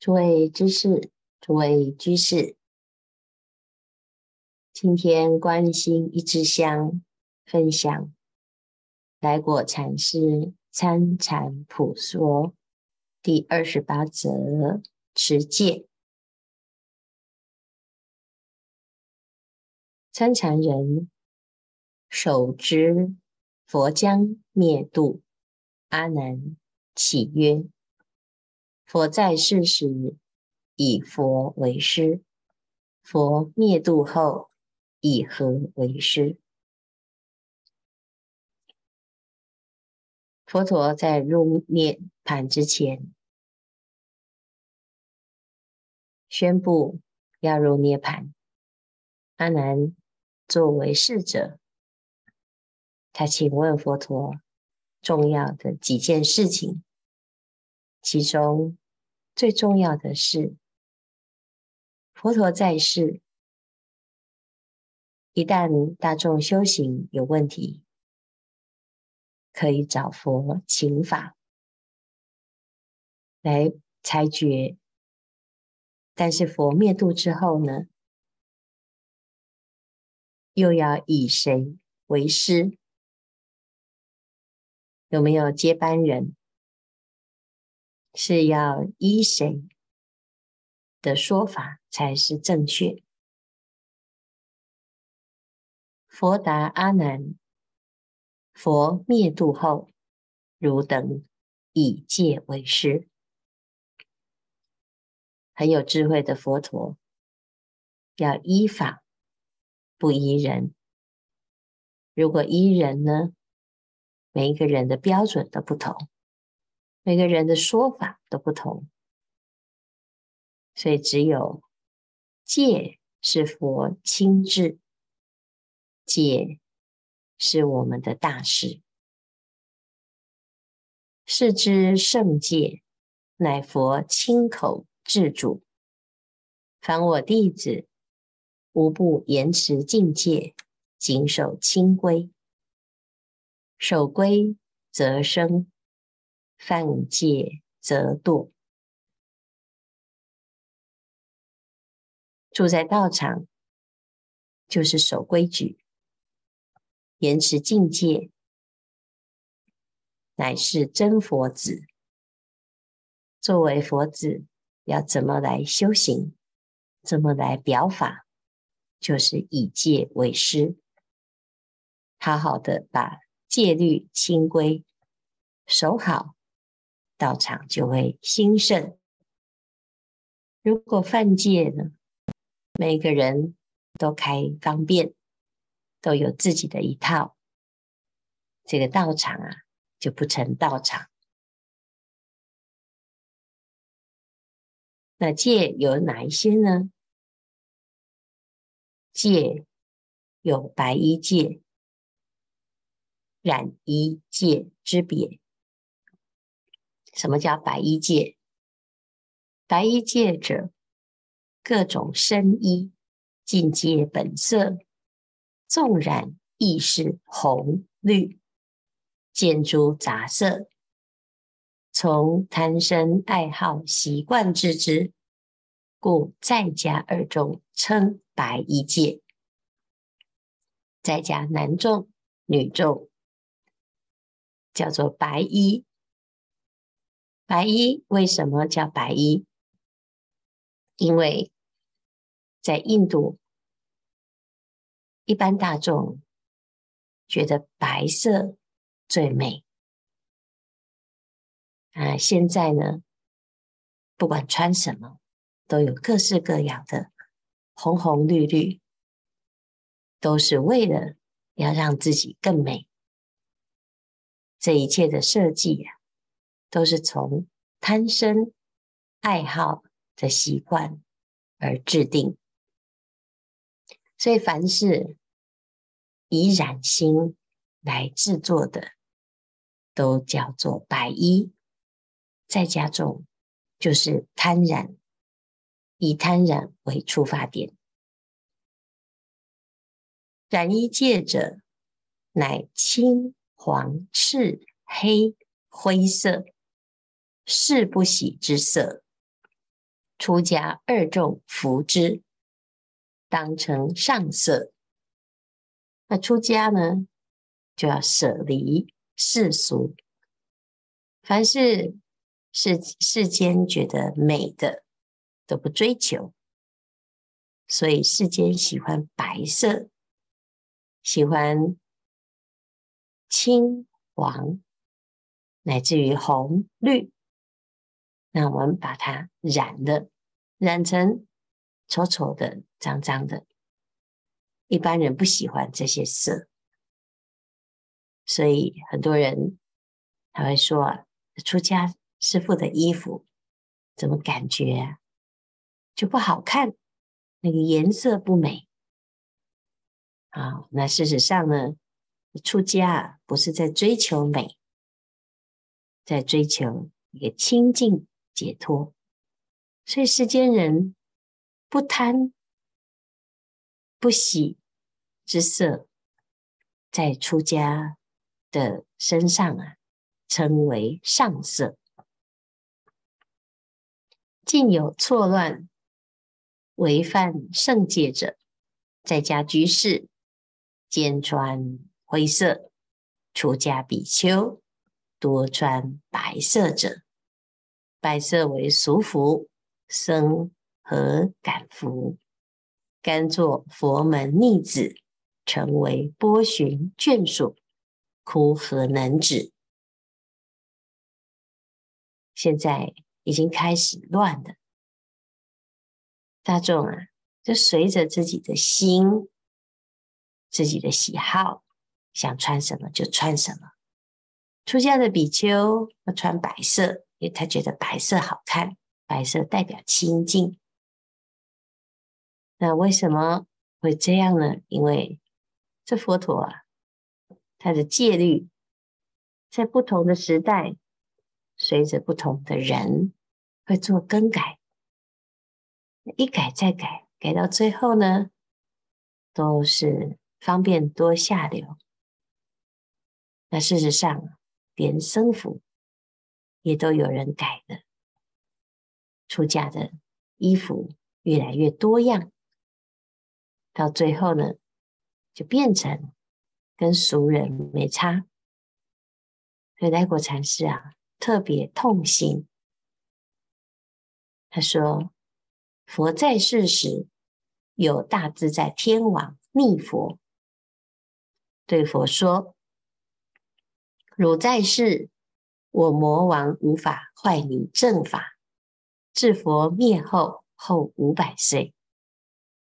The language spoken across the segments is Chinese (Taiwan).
諸位居士，諸位居士，今天觀心一支香，分享來果禪師《參禪普說》第二十八則持戒。參禪人首知佛將滅度，阿難啟曰。佛在世時，以佛為師；佛滅度後，以何為師？佛陀在入涅槃之前，宣布要入涅槃。阿難作為侍者，他請問佛陀重要的幾件事情，其中。最重要的是，佛陀在世，一旦大眾修行有問題，可以找佛請法來裁決。但是佛滅度之後呢，又要以誰為師？有沒有接班人？是要依誰的說法才是正確？佛答阿難：“佛滅度後，汝等以戒為師。”很有智慧的佛陀，要依法，不依人。如果依人呢，每一個人的標準都不同。每個人的說法都不同，所以只有戒是佛親自戒，是我們的大事。「是知聖戒，乃佛親口至囑。凡我弟子，無不嚴持淨戒，謹守清規。守規則昇。犯戒則墮。住在道場就是守規矩，嚴持淨戒乃是真佛子。作為佛子，要怎麼來修行？怎麼來表法？就是以戒為師，好好的把戒律清規守好。道場就會興盛。如果犯戒呢，每個人都開方便，都有自己的一套，這個道場啊就不成道場。那戒有哪一些呢？戒有白衣戒、染衣戒之別。什麼叫白衣戒？白衣戒者，各種身衣，盡皆本色，縱染亦是紅綠間諸雜色，從貪身愛好習慣製之，之，故在家二眾稱白衣戒，在家男眾女眾，叫做白衣。白衣為什麼叫白衣？因為在印度，一般大眾覺得白色最美啊。現在呢，不管穿什麼，都有各式各樣的紅紅綠綠，都是為了要讓自己更美。這一切的設計呀、啊。都是從貪生愛好的習慣而制定，所以凡是以染心來制作的，都叫做白衣。再加重就是貪染，以貪染為出發點。染衣戒者，乃青、黃、赤、黑、灰色。世不喜之色，出家二眾服之，當成上色。那出家呢，就要捨離世俗，凡是世世間覺得美的，都不追求。所以世間喜歡白色，喜歡青黃，乃至於紅綠。那我們把它染了，染成醜丑的，髒髒的，一般人不喜歡這些色。所以很多人他會說啊，出家師父的衣服怎麼感覺、啊、就不好看？那個顏色不美啊？那事實上呢，出家不是在追求美，在追求一個清淨解脫，所以世間人不貪、不喜之色，在出家的身上啊，稱為上色；近有錯亂、違犯聖戒者，在家居士間穿灰色，出家比丘多穿白色者。白色為俗服，僧何敢服？甘作佛門逆子，誠為波旬眷屬，哭何能止？現在已經開始亂了，大眾啊，就隨着自己的心、自己的喜好，想穿什麼就穿什麼。出家的比丘要穿白色。因為他覺得白色好看，白色代表清淨。那為什麼會這樣呢？因為這佛陀啊，他的戒律在不同的時代，隨着不同的人會做更改，一改再改，改到最後呢，都是方便多下流。那事實上，連僧服。也都有人改了，出家的衣服越來越多樣，到最後呢，就變成跟俗人沒差。所以，來果禪師啊，特別痛心。他說：“佛在世時，有大自在天王逆佛，對佛說：‘汝在世。’”我魔王無法壞你正法，至佛滅後後五百歲，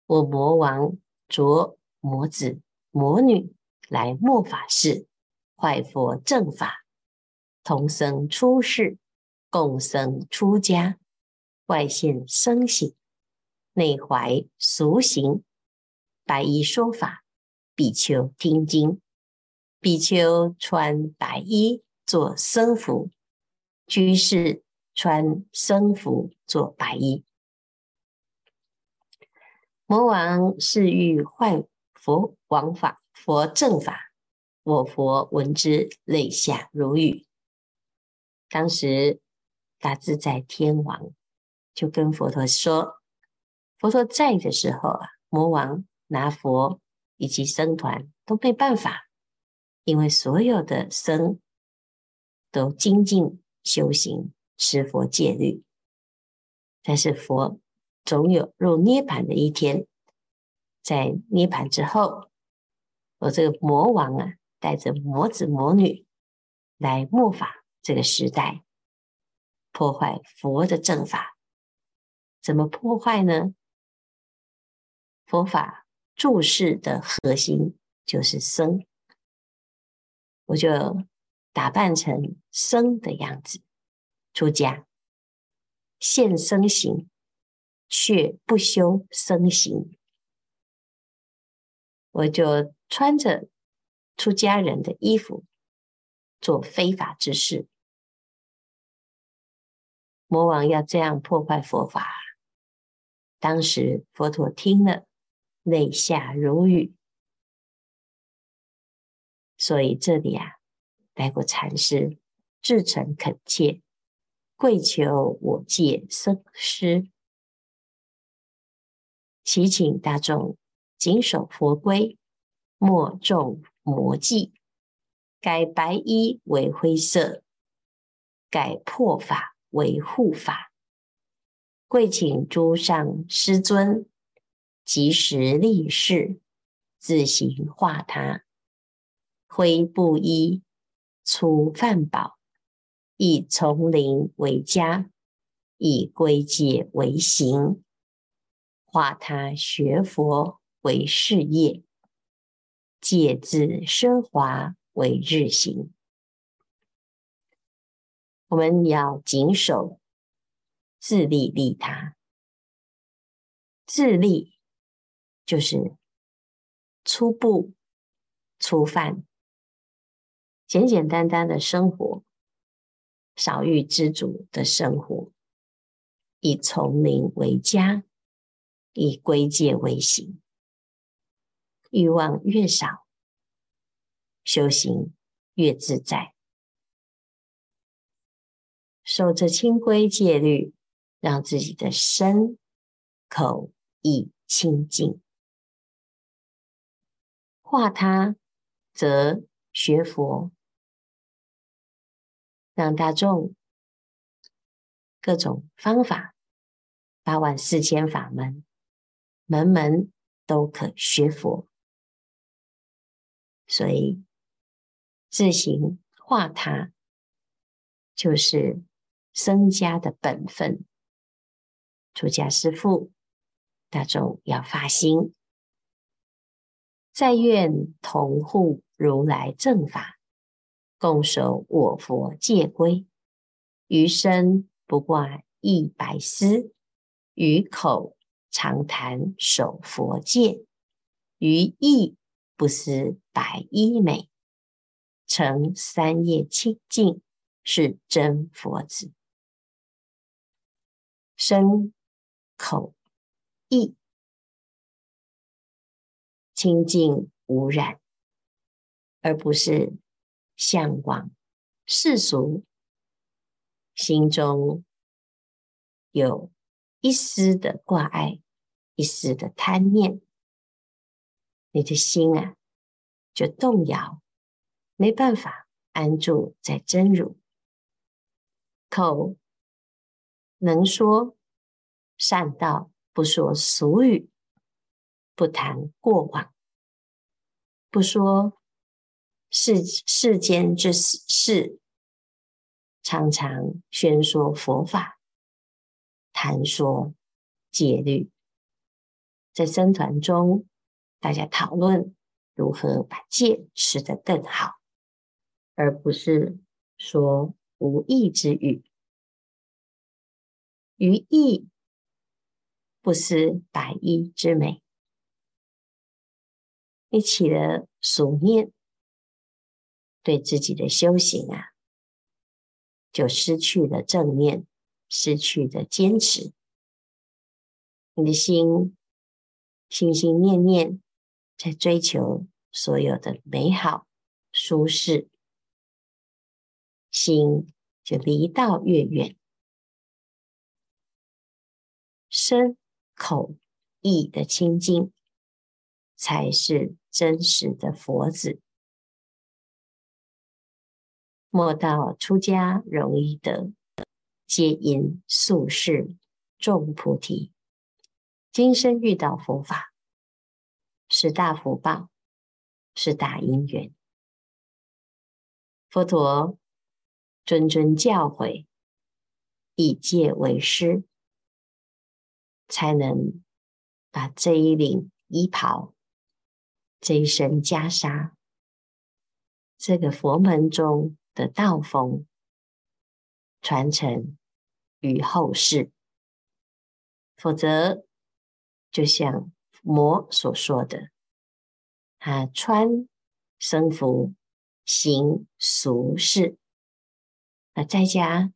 我魔王着魔子、魔女來末法世，壞佛正法，同僧出世，共僧出家，外現僧形，內懷俗行，白衣說法，比丘聽經，比丘穿白衣，做僧服，居士穿僧服，做白衣。魔王誓欲壞佛王法、佛正法，我佛聞之淚下如雨。當時大自在天王就跟佛陀說：“佛陀在的時候啊，魔王拿佛以及僧團都沒辦法，因為所有的僧。”都精進修行，持佛戒律，但是佛總有入涅槃的一天。在涅槃之後，我這個魔王啊，帶着魔子魔女來末法這個時代，破壞佛的正法。怎麼破壞呢？佛法注釋的核心就是僧，我就。打扮成僧的樣子，出家，現僧形，卻不修僧行。我就穿着出家人的衣服，做非法之事。魔王要這樣破壞佛法，當時佛陀聽了，淚下如雨。所以這裡啊。來果禪師至誠懇切，跪求我界僧師，祈請大眾謹守佛規，莫中魔計，改白衣為灰色，改破法為護法。跪請諸上師尊，即時立誓，自行化他，灰布衣，粗飯飽，以叢林為家，以規戒為行，化他學佛為事業，戒自奢華為日行。我們要謹守自利利他。自利就是粗布，粗飯。簡簡單單的生活，少欲知足的生活，以叢林為家，以規戒為行。欲望越少，修行越自在。守着清規戒律，讓自己的身、口、意清淨。化他則學佛。讓大眾各種方法，八萬四千法門，門門都可學佛，所以自行化他就是僧家的本分。出家師父，大眾要發心，再願同護如來正法。共守我佛戒規，於身不掛一白絲，於口常談守佛戒，於意不思白衣美，誠三業清淨，是真佛子，身口意清淨無染，而不是。嚮往世俗，心中有一絲的掛礙，一絲的貪念，你的心啊就動搖，沒辦法安住在真如。口能說善道，不說俗語，不談過往，不說。世世間之事，常常宣說佛法，談說戒律，在僧團中，大家討論如何把戒持得更好，而不是說無益之語。於意，不思白衣之美，你起了俗念。對自己的修行啊，就失去了正念，失去了堅持。你的心，心心念念在追求所有的美好、舒適，心就離道越遠。身、口、意的清淨，才是真實的佛子。莫道出家容易得，皆因宿世種菩提。今生遇到佛法，是大福報，是大因緣。佛陀諄諄教誨，以戒為師，才能把這一領衣袍，這一身袈裟，這個佛門中。的道風傳承於後世，否則就像魔所說的，啊，穿僧服行俗事，那在家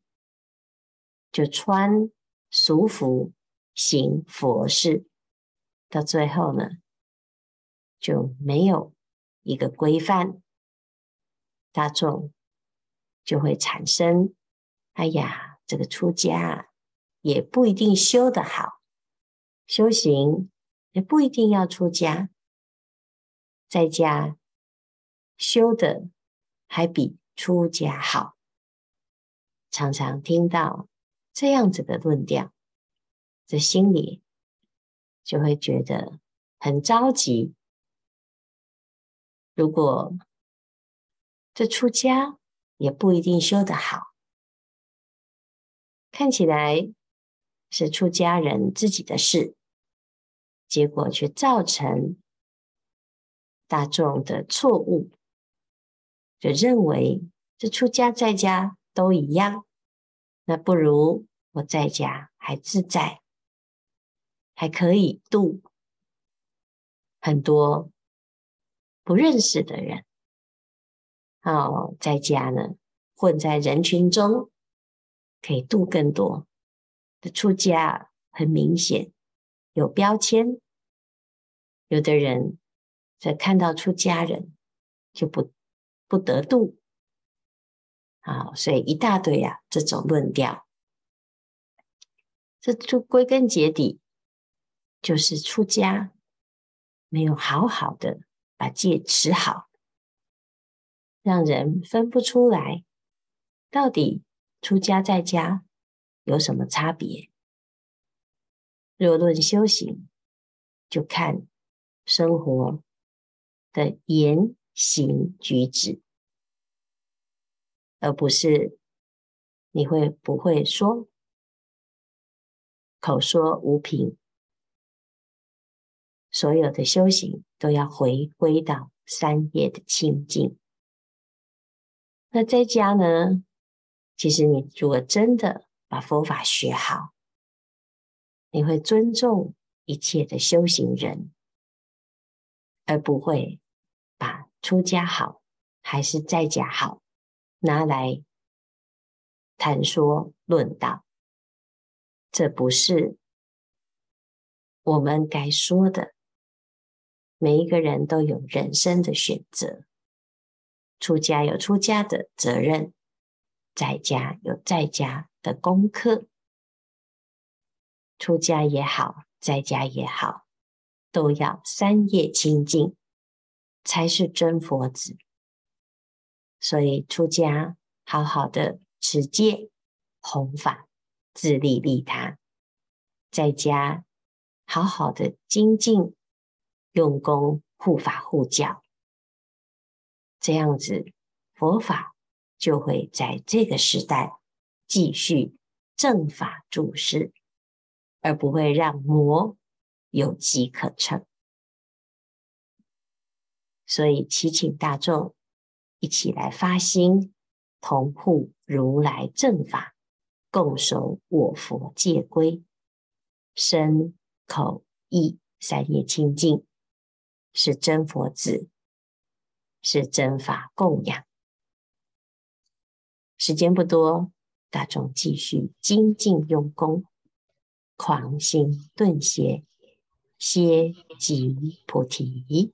就穿俗服行佛事，到最後呢，就沒有一個規範，大眾。就會產生，哎呀，這個出家也不一定修得好，修行也不一定要出家，在家修得還比出家好。常常聽到這樣子的論調，這心裡就會覺得很着急。如果這出家，也不一定修得好，看起來是出家人自己的事，結果卻造成大眾的錯誤，就認為這出家在家都一樣，那不如我在家還自在，還可以度很多不認識的人。哦，在家呢，混在人群中可以度更多。出家很明顯有標籤，有的人在看到出家人就不不得度。好、哦，所以一大堆啊這種論調，這就歸根結底就是出家沒有好好的把戒持好。讓人分不出來，到底出家在家有什麼差別？若論修行，就看生活的言行舉止，而不是你會不會說。口說無憑，所有的修行都要回歸到三業的清淨。那在家呢？其實你如果真的把佛法學好，你會尊重一切的修行人，而不會把出家好還是在家好拿來談說論道。這不是我們該說的，每一個人都有人生的選擇。出家有出家的責任，在家有在家的功課。出家也好，在家也好，都要三業清淨，才是真佛子。所以出家好好的持戒、弘法、自利利他；在家好好的精進、用功護法護教。這樣子，佛法就會在這個時代繼續正法住世，而不會讓魔有機可乘。所以，祈請大眾一起來發心，同護如來正法，共守我佛戒規，身口意三業清淨，是真佛子。是真法供養。時間不多，大眾繼續精進用功，狂心頓歇，歇即菩提。